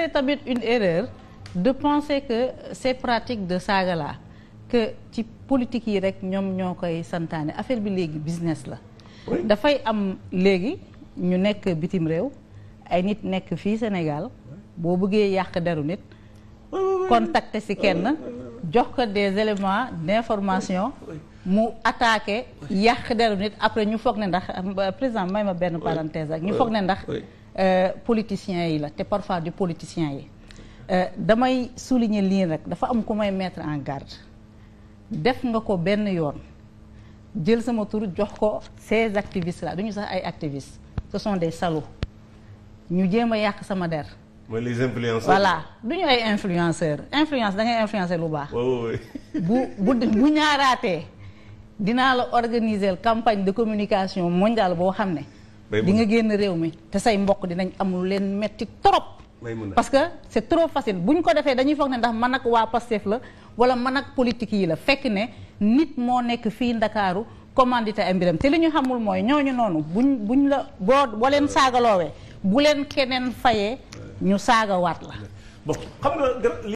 serait tamit une erreur de penser que ces pratiques de saaga là ci politique yi rek ñoom ñoo koy santaane affaire bi léegi business la dafay am léegi ñu nekk bitim réew ay nit nekk fii Sénégal boo bëggee yàq deru nit contacter ci kenn jox ko des éléments d'information mu attaqué yàq deru nit après ñu foog ne ndax président may ma benn parenthèse ak ñu foog ne ndax euh, politiciens yi la te parfois du politiciens yi euh, damay souligner lii rek dafa am ku may mettre en garde def nga ko benn yoon jël sama tur jox ko ces activistes là du ñu sax ay activistes ce sont des salauds ñu jéem a yàq sama der mooy les influenceurs voilà du ñu ay influenceurs influence da ngay influencer lu baax. bu bu bu ñaaraatee. dinaa la organiser campagne de communication mondiale boo xam ne. di nga génn réew mi te say mbokk dinañ am lu leen metti trop. parce que c'est trop facile bu ko defee dañuy foog ne ndax man ak waa Pastef la wala man ak politique yi la fekk ne nit moo nekk fii Ndakaaru commandité ay mbiram te li ñu xamul mooy ñoo ñu noonu bu buñ la boo boo leen loowee bu leen keneen fayee ñu saagawaat la.